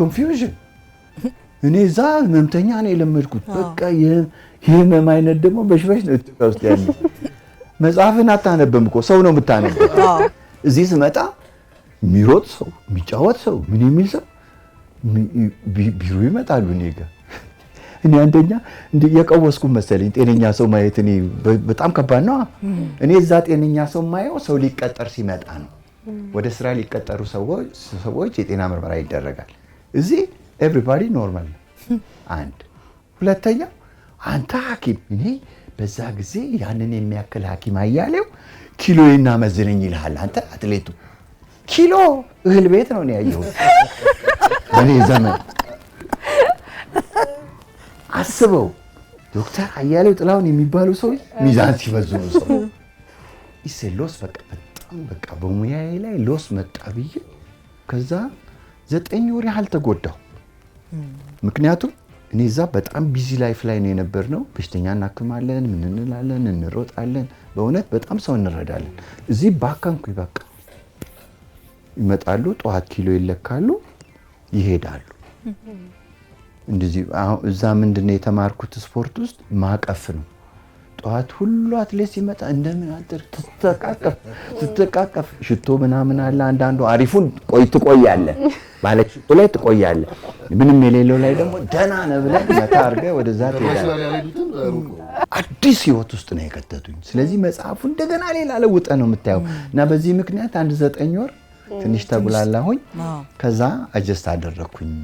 ኮንፊውዥን እኔ እዛ ህመምተኛ ነው የለመድኩት። በቃ የህመም አይነት ደግሞ በሽበሽ ነው ኢትዮጵያ ውስጥ ያለ። መጽሐፍን አታነበም እኮ ሰው ነው የምታነበው። እዚህ ስመጣ የሚሮጥ ሰው፣ የሚጫወት ሰው፣ ምን የሚል ሰው ቢሮ ይመጣሉ እኔ ጋ። እኔ አንደኛ የቀወስኩ መሰለኝ ጤነኛ ሰው ማየት እኔ በጣም ከባድ ነው። እኔ እዛ ጤነኛ ሰው ማየው ሰው ሊቀጠር ሲመጣ ነው። ወደ ስራ ሊቀጠሩ ሰዎች የጤና ምርመራ ይደረጋል። እዚህ ኤቭሪባዲ ኖርማል ነው። አንድ ሁለተኛው አንተ ሐኪም እኔ በዛ ጊዜ ያንን የሚያክል ሐኪም አያሌው ኪሎ ና መዝነኝ ይልሃል። አንተ አትሌቱ ኪሎ እህል ቤት ነው ያየሁት በእኔ ዘመን። አስበው ዶክተር አያሌው ጥላሁን የሚባሉ ሰው ሚዛን ሲበዙ ነው ሰው ይሴ ሎስ በቃ በጣም በቃ በሙያዬ ላይ ሎስ መጣ ብዬ ከዛ ዘጠኝ ወር ያህል ተጎዳሁ። ምክንያቱም እኔ እዛ በጣም ቢዚ ላይፍ ላይ ነው የነበር ነው። በሽተኛ እናክማለን፣ ምን እንላለን፣ እንሮጣለን። በእውነት በጣም ሰው እንረዳለን። እዚህ ባካንኩኝ በቃ ይመጣሉ፣ ጠዋት ኪሎ ይለካሉ፣ ይሄዳሉ። እንደዚህ እዛ ምንድነው የተማርኩት ስፖርት ውስጥ ማቀፍ ነው ጠዋት ሁሉ አትሌት ሲመጣ እንደምን አደር ትተቃቀፍ ሽቶ ምናምን አለ። አንዳንዱ አሪፉን ቆይ ትቆያለህ ባለ ሽቶ ላይ ትቆያለ ምንም የሌለው ላይ ደግሞ ደህና ነህ ብለህ መታ አድርገህ ወደዛ አዲስ ህይወት ውስጥ ነው የከተቱኝ። ስለዚህ መጽሐፉ እንደገና ሌላ ለውጠ ነው የምታየው እና በዚህ ምክንያት አንድ ዘጠኝ ወር ትንሽ ተጉላላሁኝ። ከዛ አጀስት አደረግኩኝ።